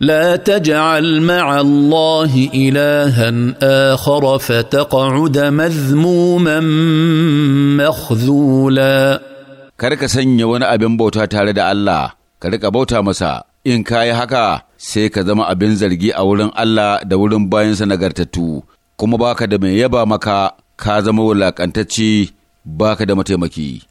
لا تجعل مع الله الها اخر فتقعد مذموما مخذولا kar ka sanya wani abin bauta tare da Allah ka rika bauta masa in ka yi haka sai ka zama abin zargi a wurin Allah da wurin bayansa nagartattu kuma baka da mai yaba maka ka zama wulakantacce baka da mataimaki